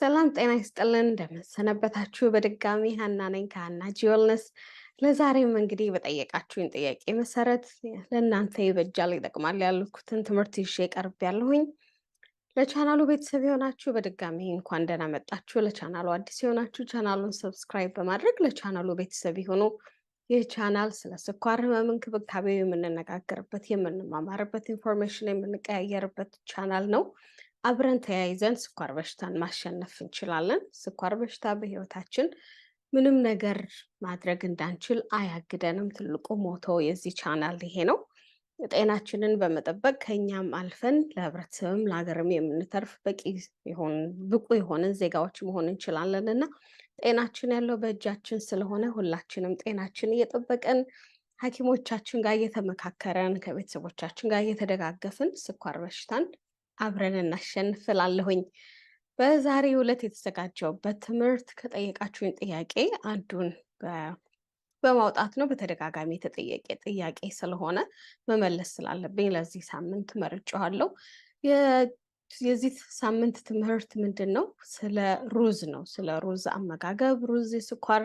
ሰላም ጤና ይስጥልን፣ እንደምንሰነበታችሁ። በድጋሚ ሀና ነኝ ከሀና ጂወልነስ። ለዛሬም እንግዲህ በጠየቃችሁኝ ጥያቄ መሰረት ለእናንተ ይበጃል ይጠቅማል ያልኩትን ትምህርት ይዤ ቀርብ ያለሁኝ። ለቻናሉ ቤተሰብ የሆናችሁ በድጋሚ እንኳን ደህና መጣችሁ። ለቻናሉ አዲስ የሆናችሁ ቻናሉን ሰብስክራይብ በማድረግ ለቻናሉ ቤተሰብ የሆኑ ይህ ቻናል ስለ ስኳር ህመም እንክብካቤ የምንነጋገርበት፣ የምንማማርበት፣ ኢንፎርሜሽን የምንቀያየርበት ቻናል ነው። አብረን ተያይዘን ስኳር በሽታን ማሸነፍ እንችላለን። ስኳር በሽታ በህይወታችን ምንም ነገር ማድረግ እንዳንችል አያግደንም። ትልቁ ሞቶ የዚህ ቻናል ይሄ ነው። ጤናችንን በመጠበቅ ከኛም አልፈን ለህብረተሰብም ለሀገርም የምንተርፍ በቂ ብቁ የሆንን ዜጋዎች መሆን እንችላለን እና ጤናችን ያለው በእጃችን ስለሆነ ሁላችንም ጤናችን እየጠበቀን ሐኪሞቻችን ጋር እየተመካከረን ከቤተሰቦቻችን ጋር እየተደጋገፍን ስኳር በሽታን አብረን እናሸንፍላለሁኝ። በዛሬ ዕለት የተዘጋጀውበት ትምህርት ከጠየቃችሁኝ ጥያቄ አንዱን በማውጣት ነው። በተደጋጋሚ የተጠየቀ ጥያቄ ስለሆነ መመለስ ስላለብኝ ለዚህ ሳምንት መርጬዋለሁ። የዚህ ሳምንት ትምህርት ምንድን ነው? ስለ ሩዝ ነው። ስለ ሩዝ አመጋገብ። ሩዝ የስኳር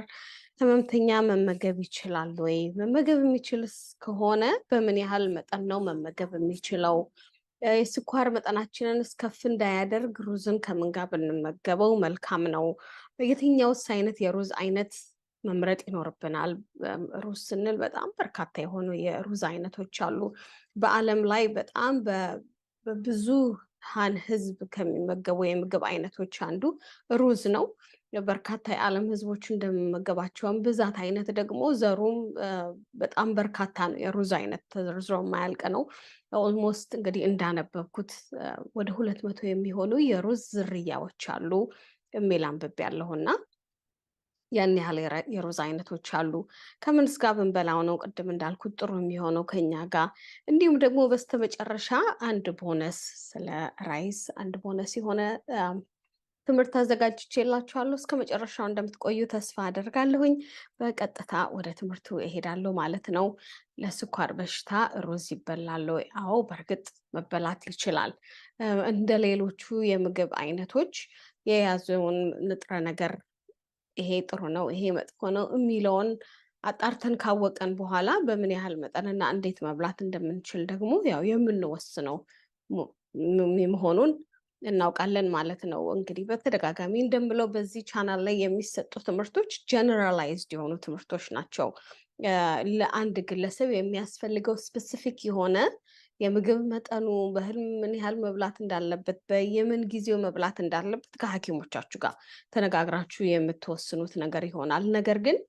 ህመምተኛ መመገብ ይችላል ወይ? መመገብ የሚችልስ ከሆነ በምን ያህል መጠን ነው መመገብ የሚችለው? የስኳር መጠናችንን እስከፍ እንዳያደርግ ሩዝን ከምን ጋር ብንመገበው መልካም ነው? የትኛውስ አይነት የሩዝ አይነት መምረጥ ይኖርብናል? ሩዝ ስንል በጣም በርካታ የሆኑ የሩዝ አይነቶች አሉ። በዓለም ላይ በጣም በብዙ ሀን ህዝብ ከሚመገቡ የምግብ አይነቶች አንዱ ሩዝ ነው። በርካታ የዓለም ህዝቦች እንደሚመገባቸውን ብዛት አይነት ደግሞ ዘሩም በጣም በርካታ ነው። የሩዝ አይነት ተዘርዝሮ የማያልቅ ነው። ኦልሞስት እንግዲህ እንዳነበብኩት ወደ ሁለት መቶ የሚሆኑ የሩዝ ዝርያዎች አሉ የሚል አንብብ ያለሁና ያን ያህል የሩዝ አይነቶች አሉ። ከምንስ ስጋ ብንበላው ነው ቅድም እንዳልኩት ጥሩ የሚሆነው ከኛ ጋር። እንዲሁም ደግሞ በስተመጨረሻ አንድ ቦነስ ስለ ራይስ አንድ ቦነስ የሆነ ትምህርት አዘጋጅቼላችኋለሁ። እስከ መጨረሻው እንደምትቆዩ ተስፋ አደርጋለሁኝ። በቀጥታ ወደ ትምህርቱ እሄዳለሁ ማለት ነው። ለስኳር በሽታ ሩዝ ይበላለሁ አዎ፣ በእርግጥ መበላት ይችላል። እንደ ሌሎቹ የምግብ አይነቶች የያዘውን ንጥረ ነገር ይሄ ጥሩ ነው፣ ይሄ መጥፎ ነው የሚለውን አጣርተን ካወቀን በኋላ በምን ያህል መጠንና እንዴት መብላት እንደምንችል ደግሞ ያው የምንወስነው መሆኑን እናውቃለን ማለት ነው። እንግዲህ በተደጋጋሚ እንደምለው በዚህ ቻናል ላይ የሚሰጡ ትምህርቶች ጀነራላይዝድ የሆኑ ትምህርቶች ናቸው። ለአንድ ግለሰብ የሚያስፈልገው ስፔሲፊክ የሆነ የምግብ መጠኑ በህልም ምን ያህል መብላት እንዳለበት በየምን ጊዜው መብላት እንዳለበት ከሐኪሞቻችሁ ጋር ተነጋግራችሁ የምትወስኑት ነገር ይሆናል። ነገር ግን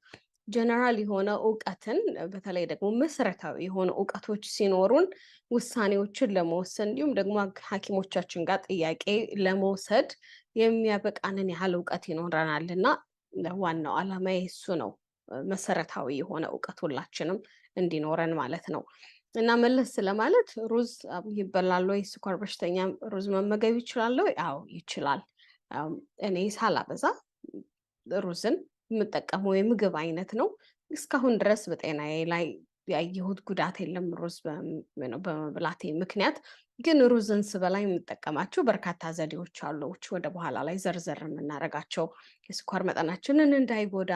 ጀነራል የሆነ እውቀትን በተለይ ደግሞ መሰረታዊ የሆነ እውቀቶች ሲኖሩን ውሳኔዎችን ለመወሰን እንዲሁም ደግሞ ሐኪሞቻችን ጋር ጥያቄ ለመውሰድ የሚያበቃንን ያህል እውቀት ይኖረናል እና ዋናው ዓላማ የሱ ነው። መሰረታዊ የሆነ እውቀት ሁላችንም እንዲኖረን ማለት ነው። እና መለስ ስለማለት ሩዝ ይበላል ወይ? ስኳር በሽተኛ ሩዝ መመገብ ይችላል ያው ይችላል። እኔ ሳላበዛ ሩዝን የምጠቀመው የምግብ አይነት ነው። እስካሁን ድረስ በጤናዬ ላይ ያየሁት ጉዳት የለም ሩዝ በመብላቴ ምክንያት። ግን ሩዝን ስበላ የምጠቀማቸው በርካታ ዘዴዎች አሉ ወደ በኋላ ላይ ዘርዘር የምናደርጋቸው የስኳር መጠናችንን እንዳይጎዳ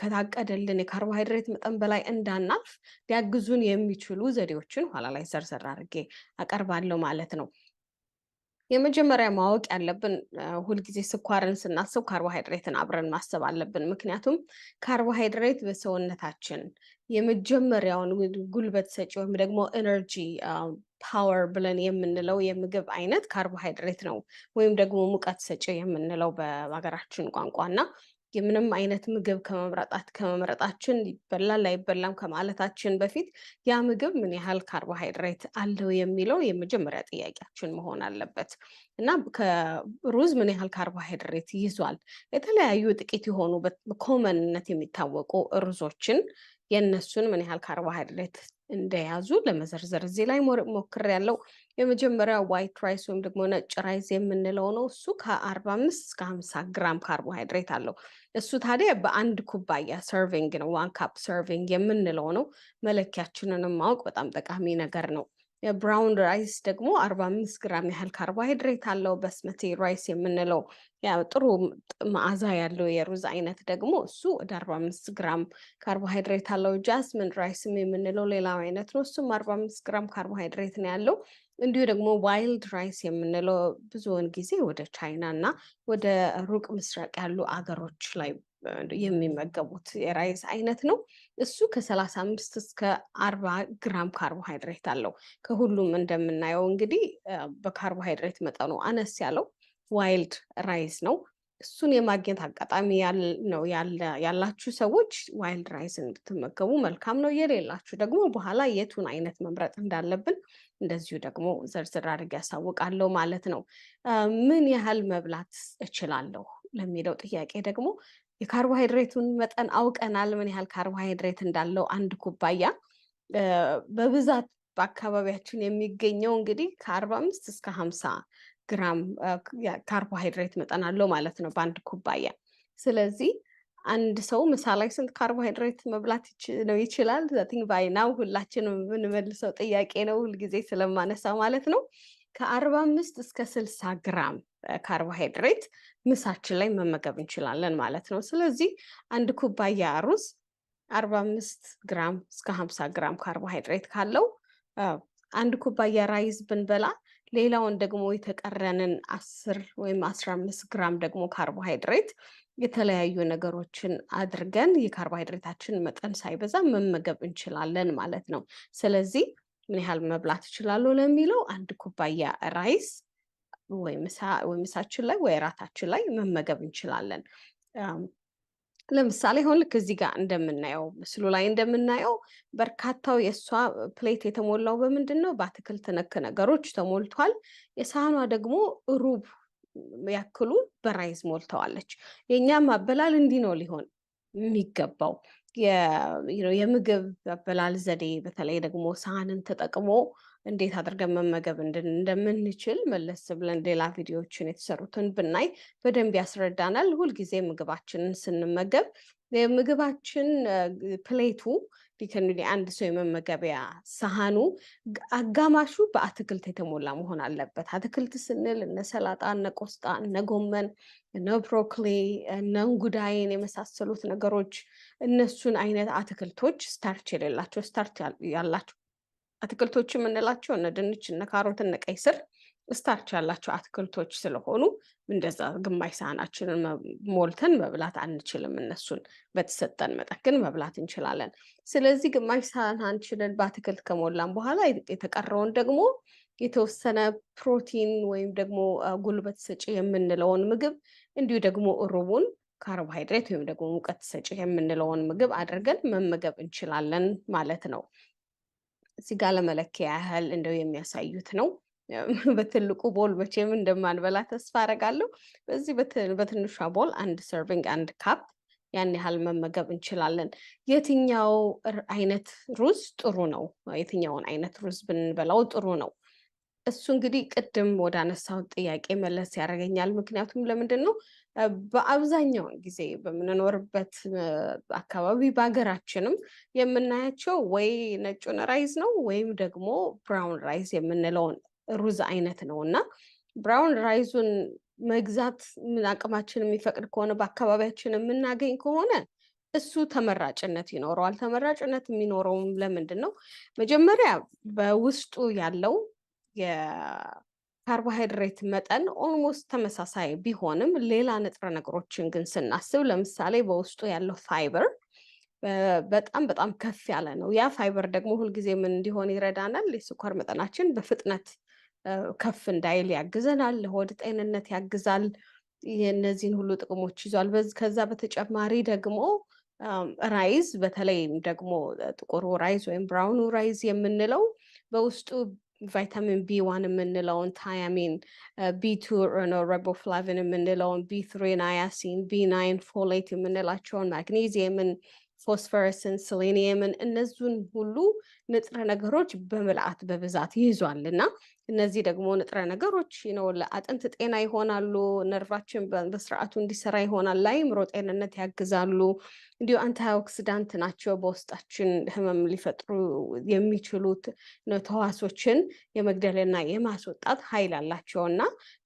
ከታቀደልን የካርቦሃይድሬት መጠን በላይ እንዳናልፍ ሊያግዙን የሚችሉ ዘዴዎችን ኋላ ላይ ዘርዘር አድርጌ አቀርባለሁ ማለት ነው። የመጀመሪያ ማወቅ ያለብን ሁልጊዜ ስኳርን ስናስብ ካርቦሃይድሬትን አብረን ማሰብ አለብን። ምክንያቱም ካርቦሃይድሬት በሰውነታችን የመጀመሪያውን ጉልበት ሰጪ ወይም ደግሞ ኤነርጂ ፓወር ብለን የምንለው የምግብ አይነት ካርቦሃይድሬት ነው፣ ወይም ደግሞ ሙቀት ሰጪ የምንለው በሀገራችን ቋንቋ እና የምንም አይነት ምግብ ከመምረጣት ከመምረጣችን ይበላል አይበላም ከማለታችን በፊት ያ ምግብ ምን ያህል ካርቦሃይድሬት አለው የሚለው የመጀመሪያ ጥያቄያችን መሆን አለበት እና ከሩዝ ምን ያህል ካርቦሃይድሬት ይዟል? የተለያዩ ጥቂት የሆኑ በኮመንነት የሚታወቁ ሩዞችን የእነሱን ምን ያህል ካርቦሃይድሬት እንደያዙ ለመዘርዘር እዚህ ላይ ሞክር ያለው የመጀመሪያ ዋይት ራይስ ወይም ደግሞ ነጭ ራይስ የምንለው ነው። እሱ ከአርባ አምስት እስከ ሀምሳ ግራም ካርቦሃይድሬት አለው። እሱ ታዲያ በአንድ ኩባያ ሰርቪንግ ነው፣ ዋን ካፕ ሰርቪንግ የምንለው ነው። መለኪያችንንም ማወቅ በጣም ጠቃሚ ነገር ነው። የብራውን ራይስ ደግሞ አርባ አምስት ግራም ያህል ካርቦሃይድሬት አለው። በስመቴ ራይስ የምንለው ጥሩ መዓዛ ያለው የሩዝ አይነት ደግሞ እሱ ወደ አርባ አምስት ግራም ካርቦሃይድሬት አለው። ጃስሚን ራይስም የምንለው ሌላው አይነት ነው። እሱም አርባ አምስት ግራም ካርቦሃይድሬት ነው ያለው። እንዲሁ ደግሞ ዋይልድ ራይስ የምንለው ብዙውን ጊዜ ወደ ቻይና እና ወደ ሩቅ ምስራቅ ያሉ አገሮች ላይ የሚመገቡት የራይስ አይነት ነው። እሱ ከሰላሳ አምስት እስከ አርባ ግራም ካርቦሃይድሬት አለው። ከሁሉም እንደምናየው እንግዲህ በካርቦሃይድሬት መጠኑ አነስ ያለው ዋይልድ ራይስ ነው። እሱን የማግኘት አጋጣሚ ነው ያላችሁ ሰዎች ዋይልድ ራይስ እንድትመገቡ መልካም ነው። የሌላችሁ ደግሞ በኋላ የቱን አይነት መምረጥ እንዳለብን እንደዚሁ ደግሞ ዝርዝር አድርግ ያሳውቃለሁ ማለት ነው። ምን ያህል መብላት እችላለሁ ለሚለው ጥያቄ ደግሞ የካርቦሃይድሬቱን መጠን አውቀናል። ምን ያህል ካርቦሃይድሬት እንዳለው አንድ ኩባያ በብዛት በአካባቢያችን የሚገኘው እንግዲህ ከአርባ አምስት እስከ ሀምሳ ግራም ካርቦሃይድሬት መጠን አለው ማለት ነው በአንድ ኩባያ። ስለዚህ አንድ ሰው ምሳ ላይ ስንት ካርቦሃይድሬት መብላት ነው ይችላል? ባይ ናው ሁላችን የምንመልሰው ጥያቄ ነው ሁልጊዜ ስለማነሳ ማለት ነው። ከአርባ አምስት እስከ ስልሳ ግራም ካርቦሃይድሬት ምሳችን ላይ መመገብ እንችላለን ማለት ነው። ስለዚህ አንድ ኩባያ ሩዝ አርባ አምስት ግራም እስከ ሀምሳ ግራም ካርቦሃይድሬት ካለው አንድ ኩባያ ራይዝ ብንበላ ሌላውን ደግሞ የተቀረንን አስር ወይም አስራ አምስት ግራም ደግሞ ካርቦሃይድሬት የተለያዩ ነገሮችን አድርገን የካርቦሃይድሬታችን መጠን ሳይበዛ መመገብ እንችላለን ማለት ነው። ስለዚህ ምን ያህል መብላት ይችላሉ ለሚለው አንድ ኩባያ ራይስ ወይ ምሳችን ላይ ወይ እራታችን ላይ መመገብ እንችላለን። ለምሳሌ አሁን ልክ እዚህ ጋር እንደምናየው ምስሉ ላይ እንደምናየው በርካታው የእሷ ፕሌት የተሞላው በምንድን ነው? በአትክልት ነክ ነገሮች ተሞልቷል። የሳህኗ ደግሞ ሩብ ያክሉ በራይዝ ሞልተዋለች። የእኛ ማበላል እንዲህ ነው ሊሆን የሚገባው የምግብ አበላል ዘዴ በተለይ ደግሞ ሳህንን ተጠቅሞ እንዴት አድርገን መመገብ እንደምንችል መለስ ብለን ሌላ ቪዲዮዎችን የተሰሩትን ብናይ በደንብ ያስረዳናል። ሁልጊዜ ምግባችንን ስንመገብ የምግባችን ፕሌቱ አንድ ሰው የመመገቢያ ሳህኑ አጋማሹ በአትክልት የተሞላ መሆን አለበት። አትክልት ስንል እነ ሰላጣ፣ እነ ቆስጣ፣ እነ ጎመን፣ እነ ብሮክሊ፣ እነ እንጉዳይን የመሳሰሉት ነገሮች እነሱን አይነት አትክልቶች ስታርች የሌላቸው ስታርች ያላቸው አትክልቶች የምንላቸው እነ ድንች፣ እነ ካሮት፣ እነ ቀይ ስር ስታርች ያላቸው አትክልቶች ስለሆኑ እንደዛ ግማሽ ሳህናችንን ሞልተን መብላት አንችልም። እነሱን በተሰጠን መጠን ግን መብላት እንችላለን። ስለዚህ ግማሽ ሳህናችንን በአትክልት ከሞላን በኋላ የተቀረውን ደግሞ የተወሰነ ፕሮቲን ወይም ደግሞ ጉልበት ሰጪ የምንለውን ምግብ እንዲሁ ደግሞ ሩቡን ካርቦሃይድሬት ወይም ደግሞ ሙቀት ሰጪ የምንለውን ምግብ አድርገን መመገብ እንችላለን ማለት ነው። እዚህ ጋር ለመለኪያ ያህል እንደው የሚያሳዩት ነው። በትልቁ ቦል መቼም እንደማንበላ ተስፋ አደርጋለሁ። በዚህ በትንሿ ቦል አንድ ሰርቪንግ አንድ ካፕ ያን ያህል መመገብ እንችላለን። የትኛው አይነት ሩዝ ጥሩ ነው? የትኛውን አይነት ሩዝ ብንበላው ጥሩ ነው? እሱ እንግዲህ ቅድም ወደ አነሳሁት ጥያቄ መለስ ያደርገኛል። ምክንያቱም ለምንድን ነው በአብዛኛው ጊዜ በምንኖርበት አካባቢ በሀገራችንም የምናያቸው ወይ ነጩን ራይዝ ነው ወይም ደግሞ ብራውን ራይዝ የምንለውን ሩዝ አይነት ነው እና ብራውን ራይዙን መግዛት አቅማችን የሚፈቅድ ከሆነ በአካባቢያችን የምናገኝ ከሆነ እሱ ተመራጭነት ይኖረዋል። ተመራጭነት የሚኖረውም ለምንድን ነው? መጀመሪያ በውስጡ ያለው ካርቦሃይድሬት መጠን ኦልሞስት ተመሳሳይ ቢሆንም ሌላ ንጥረ ነገሮችን ግን ስናስብ ለምሳሌ በውስጡ ያለው ፋይበር በጣም በጣም ከፍ ያለ ነው። ያ ፋይበር ደግሞ ሁልጊዜ ምን እንዲሆን ይረዳናል? የስኳር መጠናችን በፍጥነት ከፍ እንዳይል ያግዘናል፣ ለሆድ ጤንነት ያግዛል። የእነዚህን ሁሉ ጥቅሞች ይዟል። ከዛ በተጨማሪ ደግሞ ራይዝ በተለይም ደግሞ ጥቁሩ ራይዝ ወይም ብራውኑ ራይዝ የምንለው በውስጡ ቫይታሚን ቢ ዋን የምንለውን ታያሚን፣ ቢ ቱ ነው ረቦፍላቪን የምንለውን ቢ ትሪ ናያሲን፣ ቢ ናይን ፎሌት የምንላቸውን ማግኔዚየምን ፎስፈረስን፣ ሴሌኒየምን እነዚን ሁሉ ንጥረ ነገሮች በምልአት በብዛት ይይዟል እና እነዚህ ደግሞ ንጥረ ነገሮች ነው ለአጥንት ጤና ይሆናሉ። ነርቫችን በስርዓቱ እንዲሰራ ይሆናል። ለአእምሮ ጤንነት ያግዛሉ። እንዲሁ አንታይኦክሲዳንት ናቸው። በውስጣችን ህመም ሊፈጥሩ የሚችሉት ተዋሶችን የመግደልና የማስወጣት ኃይል አላቸው እና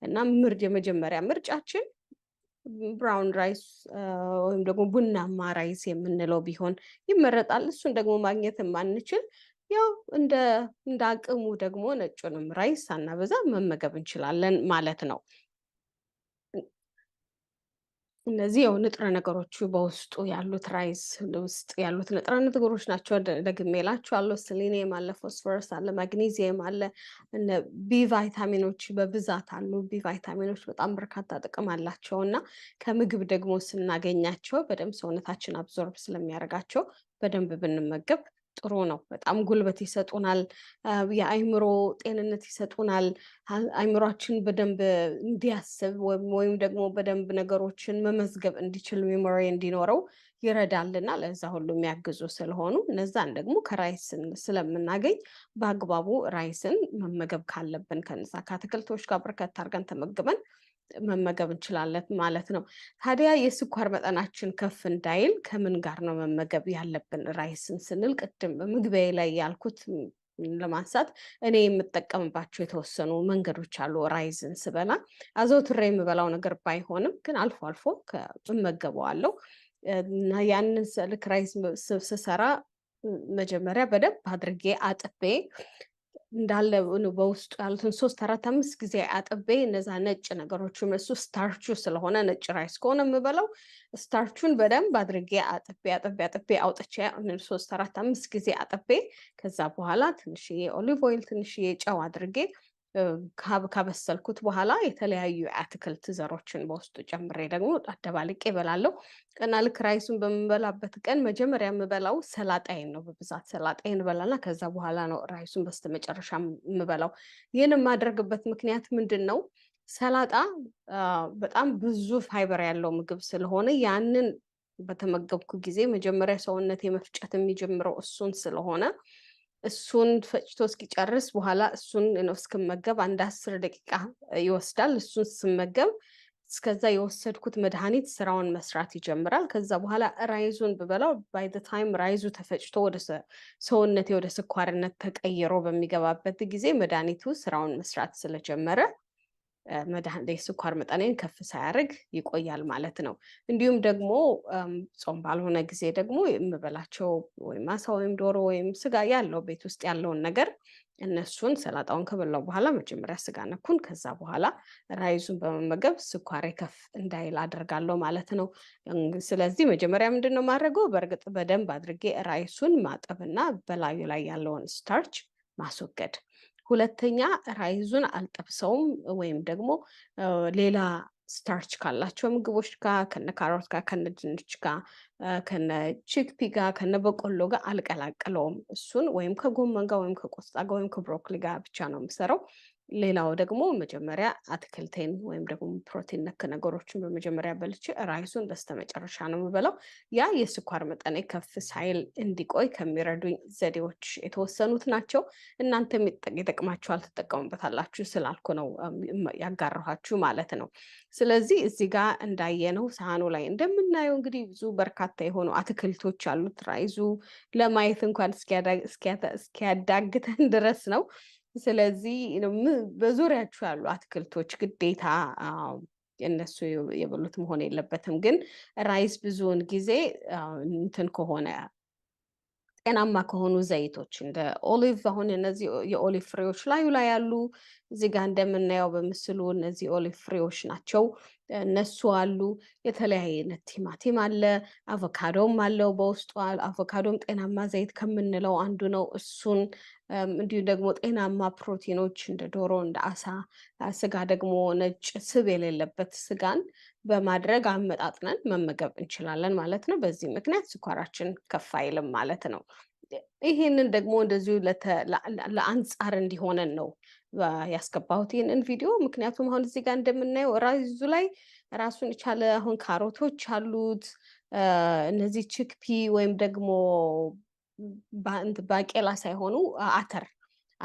እና ምርድ የመጀመሪያ ምርጫችን ብራውን ራይስ ወይም ደግሞ ቡናማ ራይስ የምንለው ቢሆን ይመረጣል። እሱን ደግሞ ማግኘት የማንችል ያው እንደ አቅሙ ደግሞ ነጩንም ራይስ አናበዛ መመገብ እንችላለን ማለት ነው። እነዚህ ያው ንጥረ ነገሮቹ በውስጡ ያሉት ራይስ ውስጥ ያሉት ንጥረ ነገሮች ናቸው። ደግሜ እላችኋለሁ። ስሊኒየም አለ፣ ፎስፎረስ አለ፣ ማግኒዚየም አለ፣ ቢ ቫይታሚኖች በብዛት አሉ። ቢ ቫይታሚኖች በጣም በርካታ ጥቅም አላቸው እና ከምግብ ደግሞ ስናገኛቸው በደንብ ሰውነታችን አብዞርብ ስለሚያደርጋቸው በደንብ ብንመገብ ጥሩ ነው። በጣም ጉልበት ይሰጡናል። የአይምሮ ጤንነት ይሰጡናል። አይምሯችን በደንብ እንዲያስብ ወይም ደግሞ በደንብ ነገሮችን መመዝገብ እንዲችል ሜሞሪ እንዲኖረው ይረዳልና ለዛ ሁሉ የሚያግዙ ስለሆኑ እነዛን ደግሞ ከራይስን ስለምናገኝ በአግባቡ ራይስን መመገብ ካለብን ከነዛ ከአትክልቶች ጋር በርከት አድርገን ተመግበን መመገብ እንችላለን ማለት ነው። ታዲያ የስኳር መጠናችን ከፍ እንዳይል ከምን ጋር ነው መመገብ ያለብን? ራይስን ስንል ቅድም በምግቢያ ላይ ያልኩት ለማንሳት እኔ የምጠቀምባቸው የተወሰኑ መንገዶች አሉ። ራይዝን ስበላ አዘውትሬ የምበላው ነገር ባይሆንም ግን አልፎ አልፎ እመገበዋለሁ እና ያንን ልክ ራይዝ ስሰራ መጀመሪያ በደንብ አድርጌ አጥቤ እንዳለ በውስጡ ያሉትን ሶስት አራት አምስት ጊዜ አጥቤ እነዛ ነጭ ነገሮች እሱ ስታርቹ ስለሆነ ነጭ ራይስ ከሆነ የምበለው ስታርቹን በደንብ አድርጌ አጥቤ አጥቤ አጥቤ አውጥቼ ሶስት አራት አምስት ጊዜ አጥቤ ከዛ በኋላ ትንሽዬ ኦሊቭ ኦይል ትንሽዬ ጨው አድርጌ ካበሰልኩት በኋላ የተለያዩ አትክልት ዘሮችን በውስጡ ጨምሬ ደግሞ አደባልቄ እበላለሁ እና ልክ ራይሱን በምበላበት ቀን መጀመሪያ የምበላው ሰላጣይን ነው። በብዛት ሰላጣይን እበላና ከዛ በኋላ ነው ራይሱን በስተመጨረሻ የምበላው። ይህን የማደርግበት ምክንያት ምንድን ነው? ሰላጣ በጣም ብዙ ፋይበር ያለው ምግብ ስለሆነ ያንን በተመገብኩ ጊዜ መጀመሪያ ሰውነት የመፍጨት የሚጀምረው እሱን ስለሆነ እሱን ፈጭቶ እስኪጨርስ በኋላ እሱን ነው እስክመገብ አንድ አስር ደቂቃ ይወስዳል። እሱን ስመገብ እስከዛ የወሰድኩት መድኃኒት ስራውን መስራት ይጀምራል። ከዛ በኋላ ራይዙን ብበላው ባይ ዘ ታይም ራይዙ ተፈጭቶ ወደ ሰውነቴ ወደ ስኳርነት ተቀይሮ በሚገባበት ጊዜ መድኃኒቱ ስራውን መስራት ስለጀመረ ስኳር መጠኔን ከፍ ሳያደርግ ይቆያል ማለት ነው። እንዲሁም ደግሞ ጾም ባልሆነ ጊዜ ደግሞ የምበላቸው ወይም አሳ ወይም ዶሮ ወይም ስጋ ያለው ቤት ውስጥ ያለውን ነገር እነሱን ሰላጣውን ከበላው በኋላ መጀመሪያ ስጋ ነኩን፣ ከዛ በኋላ ራይዙን በመመገብ ስኳሬ ከፍ እንዳይል አደርጋለሁ ማለት ነው። ስለዚህ መጀመሪያ ምንድን ነው ማድረገው? በእርግጥ በደንብ አድርጌ ራይሱን ማጠብና በላዩ ላይ ያለውን ስታርች ማስወገድ ሁለተኛ ራይዙን አልጠብሰውም ወይም ደግሞ ሌላ ስታርች ካላቸው ምግቦች ጋር ከነ ካሮት ጋር ከነ ድንች ጋር ከነ ቺክፒ ጋር ከነ በቆሎ ጋር አልቀላቀለውም። እሱን ወይም ከጎመን ጋር ወይም ከቆስጣ ጋር ወይም ከብሮኮሊ ጋር ብቻ ነው የምሰራው። ሌላው ደግሞ መጀመሪያ አትክልቴን ወይም ደግሞ ፕሮቲን ነክ ነገሮችን በመጀመሪያ በልቼ ራይሱን በስተመጨረሻ ነው የምበላው። ያ የስኳር መጠኔ ከፍ ሳይል እንዲቆይ ከሚረዱኝ ዘዴዎች የተወሰኑት ናቸው። እናንተ ይጠቅማችኋል፣ ትጠቀሙበታላችሁ ስላልኩ ነው ያጋራኋችሁ ማለት ነው። ስለዚህ እዚህ ጋር እንዳየነው ሳህኑ ላይ እንደምናየው እንግዲህ ብዙ በርካታ የሆኑ አትክልቶች አሉት። ራይዙ ለማየት እንኳን እስኪያዳግተን ድረስ ነው ስለዚህ በዙሪያችሁ ያሉ አትክልቶች ግዴታ እነሱ የበሉት መሆን የለበትም። ግን ራይስ ብዙውን ጊዜ እንትን ከሆነ ጤናማ ከሆኑ ዘይቶች እንደ ኦሊቭ አሁን እነዚህ የኦሊቭ ፍሬዎች ላዩ ላይ ያሉ እዚህ ጋር እንደምናየው በምስሉ እነዚህ ኦሊቭ ፍሬዎች ናቸው። እነሱ አሉ። የተለያየ አይነት ቲማቲም አለ፣ አቮካዶም አለው በውስጡ። አቮካዶም ጤናማ ዘይት ከምንለው አንዱ ነው። እሱን እንዲሁም ደግሞ ጤናማ ፕሮቲኖች እንደ ዶሮ፣ እንደ አሳ ስጋ ደግሞ ነጭ ስብ የሌለበት ስጋን በማድረግ አመጣጥነን መመገብ እንችላለን ማለት ነው። በዚህ ምክንያት ስኳራችን ከፍ አይልም ማለት ነው። ይህንን ደግሞ እንደዚሁ ለአንጻር እንዲሆነን ነው ያስገባሁት ይህንን ቪዲዮ ምክንያቱም አሁን እዚህ ጋር እንደምናየው ራይዙ ላይ ራሱን የቻለ አሁን ካሮቶች አሉት። እነዚህ ቺክፒ ወይም ደግሞ ባቄላ ሳይሆኑ አተር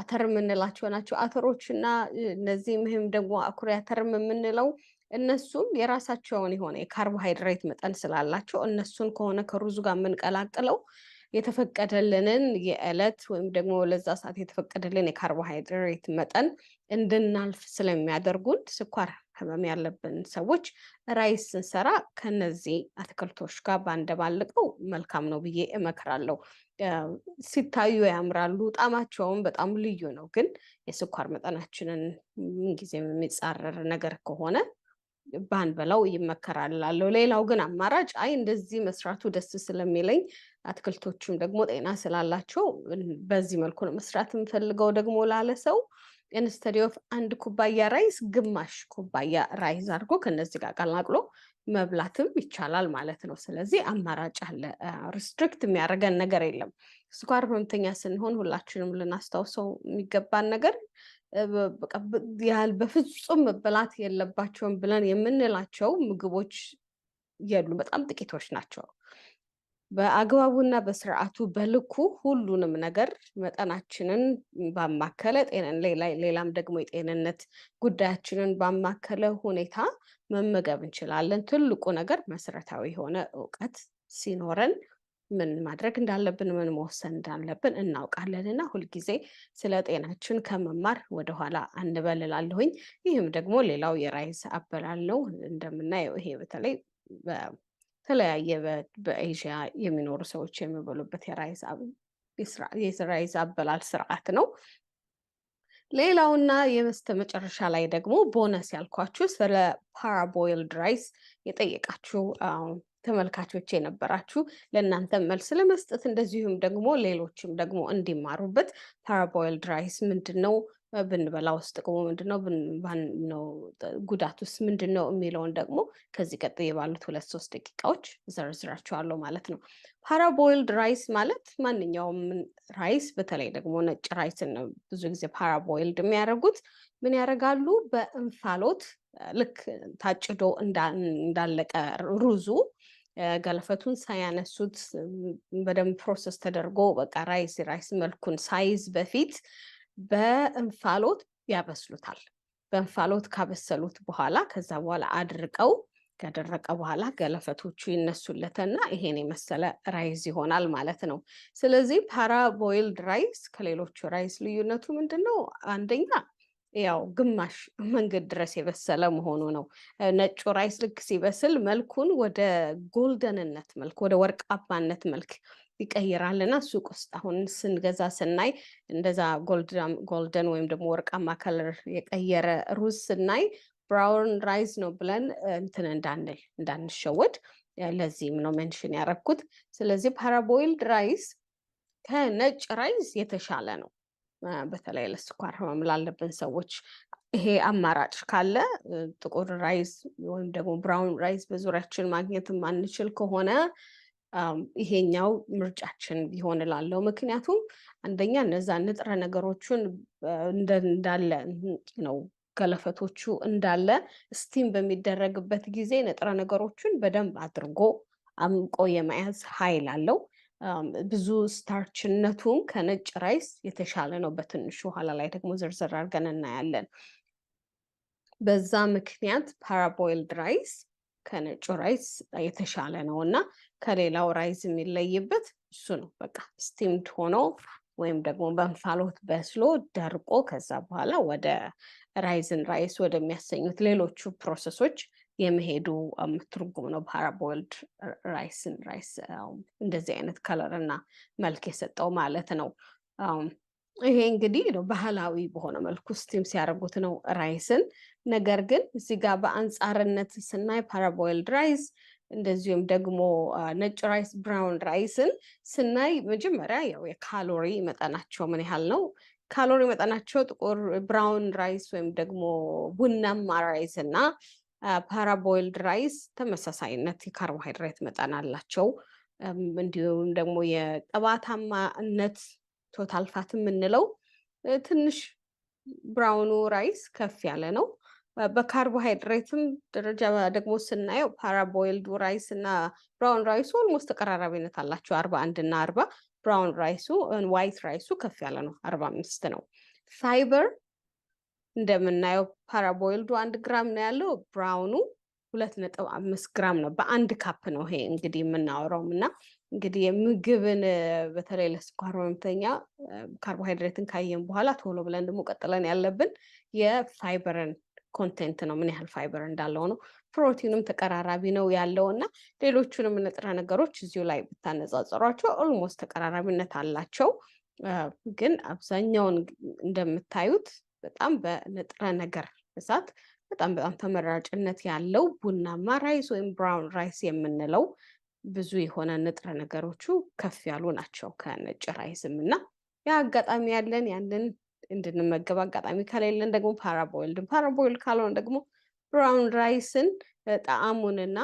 አተር የምንላቸው ናቸው። አተሮች እና እነዚህ ምህም ደግሞ አኩሪ አተርም የምንለው እነሱም የራሳቸውን የሆነ የካርቦሃይድሬት መጠን ስላላቸው እነሱን ከሆነ ከሩዙ ጋር የምንቀላቅለው የተፈቀደልንን የዕለት ወይም ደግሞ ለዛ ሰዓት የተፈቀደልን የካርቦሃይድሬት መጠን እንድናልፍ ስለሚያደርጉን ስኳር ህመም ያለብን ሰዎች ራይስ ስንሰራ ከነዚህ አትክልቶች ጋር ባንደባልቀው መልካም ነው ብዬ እመክራለሁ። ሲታዩ ያምራሉ፣ ጣዕማቸውም በጣም ልዩ ነው። ግን የስኳር መጠናችንን ምንጊዜም የሚጻረር ነገር ከሆነ ባንበላው ይመከራል እላለሁ። ሌላው ግን አማራጭ አይ እንደዚህ መስራቱ ደስ ስለሚለኝ አትክልቶቹም ደግሞ ጤና ስላላቸው በዚህ መልኩ ነው መስራት የምፈልገው። ደግሞ ላለ ሰው ኢንስተዲ ኦፍ አንድ ኩባያ ራይስ ግማሽ ኩባያ ራይዝ አድርጎ ከነዚህ ጋር ቀላቅሎ መብላትም ይቻላል ማለት ነው። ስለዚህ አማራጭ አለ። ሪስትሪክት የሚያደርገን ነገር የለም። ስኳር ህመምተኛ ስንሆን ሁላችንም ልናስታውሰው የሚገባን ነገር ያህል በፍጹም መበላት የለባቸውም ብለን የምንላቸው ምግቦች የሉ በጣም ጥቂቶች ናቸው። በአግባቡና በስርዓቱ በልኩ ሁሉንም ነገር መጠናችንን ባማከለ ሌላም ደግሞ የጤንነት ጉዳያችንን ባማከለ ሁኔታ መመገብ እንችላለን። ትልቁ ነገር መሰረታዊ የሆነ እውቀት ሲኖረን ምን ማድረግ እንዳለብን ምን መወሰን እንዳለብን እናውቃለን። እና ሁልጊዜ ስለ ጤናችን ከመማር ወደኋላ አንበልላለሁኝ። ይህም ደግሞ ሌላው የራይዝ አበላል ነው። እንደምናየው ይሄ በተለይ የተለያየ በኤዥያ የሚኖሩ ሰዎች የሚበሉበት የራይዝ አበላል ስርዓት ነው። ሌላውና የበስተ መጨረሻ ላይ ደግሞ ቦነስ ያልኳችሁ ስለ ፓራቦይልድ ራይስ የጠየቃችሁ ተመልካቾች የነበራችሁ ለእናንተ መልስ ለመስጠት እንደዚሁም ደግሞ ሌሎችም ደግሞ እንዲማሩበት ፓራቦይልድ ራይስ ምንድን ነው ብንበላውስ ጥቅሙ ምንድነው ነው? ጉዳት ውስጥ ምንድን ነው የሚለውን ደግሞ ከዚህ ቀጥ ባሉት ሁለት ሶስት ደቂቃዎች ዘርዝራቸዋለሁ ማለት ነው። ፓራቦይልድ ራይስ ማለት ማንኛውም ራይስ፣ በተለይ ደግሞ ነጭ ራይስን ነው ብዙ ጊዜ ፓራቦይልድ የሚያደርጉት። ምን ያደርጋሉ? በእንፋሎት ልክ ታጭዶ እንዳለቀ ሩዙ ገለፈቱን ሳያነሱት በደንብ ፕሮሰስ ተደርጎ በቃ ራይስ ራይስ መልኩን ሳይዝ በፊት በእንፋሎት ያበስሉታል። በእንፋሎት ካበሰሉት በኋላ ከዛ በኋላ አድርቀው ከደረቀ በኋላ ገለፈቶቹ ይነሱለትና ይሄን የመሰለ ራይዝ ይሆናል ማለት ነው። ስለዚህ ፓራ ቦይልድ ራይስ ከሌሎቹ ራይስ ልዩነቱ ምንድን ነው? አንደኛ ያው ግማሽ መንገድ ድረስ የበሰለ መሆኑ ነው። ነጩ ራይስ ልክ ሲበስል መልኩን ወደ ጎልደንነት መልክ ወደ ወርቃማነት መልክ ይቀይራል እና ሱቅ ውስጥ አሁን ስንገዛ ስናይ እንደዛ ጎልደን ወይም ደግሞ ወርቃማ ከለር የቀየረ ሩዝ ስናይ ብራውን ራይዝ ነው ብለን እንትን እንዳንል እንዳንሸወድ፣ ለዚህም ነው መንሽን ያረኩት ስለዚህ ፓራቦይልድ ራይስ ከነጭ ራይዝ የተሻለ ነው፣ በተለይ ለስኳር ህመም ላለብን ሰዎች ይሄ አማራጭ ካለ ጥቁር ራይዝ ወይም ደግሞ ብራውን ራይዝ በዙሪያችን ማግኘት የማንችል ከሆነ ይሄኛው ምርጫችን ቢሆን ላለው ምክንያቱም አንደኛ እነዛ ንጥረ ነገሮቹን እንዳለ ነው ገለፈቶቹ እንዳለ ስቲም በሚደረግበት ጊዜ ንጥረ ነገሮቹን በደንብ አድርጎ አምቆ የመያዝ ኃይል አለው። ብዙ ስታርችነቱም ከነጭ ራይስ የተሻለ ነው በትንሹ። ኋላ ላይ ደግሞ ዝርዝር አድርገን እናያለን። በዛ ምክንያት ፓራቦይልድ ራይስ ከነጩ ራይዝ የተሻለ ነው እና ከሌላው ራይዝ የሚለይበት እሱ ነው። በቃ ስቲምድ ሆኖ ወይም ደግሞ በእንፋሎት በስሎ ደርቆ ከዛ በኋላ ወደ ራይዝን ራይስ ወደሚያሰኙት ሌሎቹ ፕሮሰሶች የመሄዱ ትርጉም ነው። ፓራቦይልድ ራይስን ራይስ እንደዚህ አይነት ከለር እና መልክ የሰጠው ማለት ነው። ይሄ እንግዲህ ነው ባህላዊ በሆነ መልኩ ስቲም ሲያደርጉት ነው ራይስን። ነገር ግን እዚህ ጋር በአንጻርነት ስናይ ፓራቦይልድ ራይስ እንደዚሁም ደግሞ ነጭ ራይስ፣ ብራውን ራይስን ስናይ መጀመሪያ ያው የካሎሪ መጠናቸው ምን ያህል ነው? ካሎሪ መጠናቸው ጥቁር ብራውን ራይስ ወይም ደግሞ ቡናማ ራይስ እና ፓራቦይልድ ራይስ ተመሳሳይነት የካርቦሃይድሬት መጠን አላቸው። እንዲሁም ደግሞ የቅባታማነት ቶታል ፋት የምንለው ትንሽ ብራውኑ ራይስ ከፍ ያለ ነው። በካርቦሃይድሬትም ደረጃ ደግሞ ስናየው ፓራቦይልዱ ራይስ እና ብራውን ራይሱ ኦልሞስት ተቀራራቢነት አላቸው። አርባ አንድ እና አርባ ብራውን ራይሱ ዋይት ራይሱ ከፍ ያለ ነው፣ አርባ አምስት ነው። ፋይበር እንደምናየው ፓራቦይልዱ አንድ ግራም ነው ያለው። ብራውኑ ሁለት ነጥብ አምስት ግራም ነው። በአንድ ካፕ ነው ይሄ እንግዲህ የምናወራውም እና እንግዲህ የምግብን በተለይ ለስኳር ህመምተኛ ካርቦሃይድሬትን ካየን በኋላ ቶሎ ብለን ደግሞ ቀጥለን ያለብን የፋይበርን ኮንቴንት ነው። ምን ያህል ፋይበር እንዳለው ነው። ፕሮቲኑም ተቀራራቢ ነው ያለው እና ሌሎቹንም ንጥረ ነገሮች እዚሁ ላይ ብታነጻጽሯቸው ኦልሞስት ተቀራራቢነት አላቸው። ግን አብዛኛውን እንደምታዩት በጣም በንጥረ ነገር ብዛት በጣም በጣም ተመራጭነት ያለው ቡናማ ራይስ ወይም ብራውን ራይስ የምንለው ብዙ የሆነ ንጥረ ነገሮቹ ከፍ ያሉ ናቸው ከነጭ ራይዝም እና ያ አጋጣሚ ያለን ያንን እንድንመገብ አጋጣሚ ከሌለን ደግሞ ፓራቦይልድ ፓራቦይልድ ካልሆነ ደግሞ ብራውን ራይስን ጣዕሙንና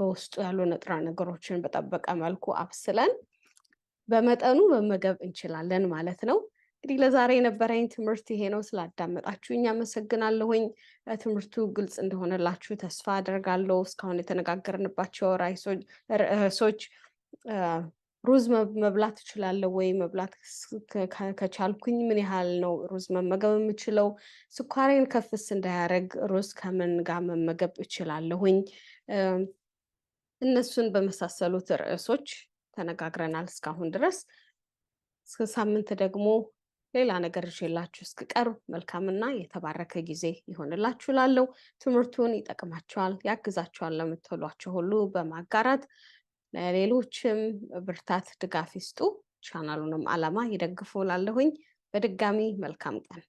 በውስጡ ያሉ ንጥረ ነገሮችን በጠበቀ መልኩ አብስለን በመጠኑ መመገብ እንችላለን ማለት ነው። እንግዲህ ለዛሬ የነበረኝ ትምህርት ይሄ ነው። ስላዳመጣችሁኝ አመሰግናለሁኝ። ትምህርቱ ግልጽ እንደሆነላችሁ ተስፋ አደርጋለሁ። እስካሁን የተነጋገርንባቸው ርዕሶች ሩዝ መብላት እችላለሁ ወይ? መብላት ከቻልኩኝ ምን ያህል ነው ሩዝ መመገብ የምችለው? ስኳሬን ከፍስ እንዳያደርግ ሩዝ ከምን ጋር መመገብ እችላለሁኝ? እነሱን በመሳሰሉት ርዕሶች ተነጋግረናል እስካሁን ድረስ። ሳምንት ደግሞ ሌላ ነገር ይዤላችሁ እስክቀርብ መልካምና የተባረከ ጊዜ ይሆንላችሁ። ላለው ትምህርቱን ይጠቅማችኋል፣ ያግዛችኋል ለምትሏቸው ሁሉ በማጋራት ለሌሎችም ብርታት ድጋፍ ይስጡ። ቻናሉንም አላማ ይደግፉ። ላለሁኝ በድጋሚ መልካም ቀን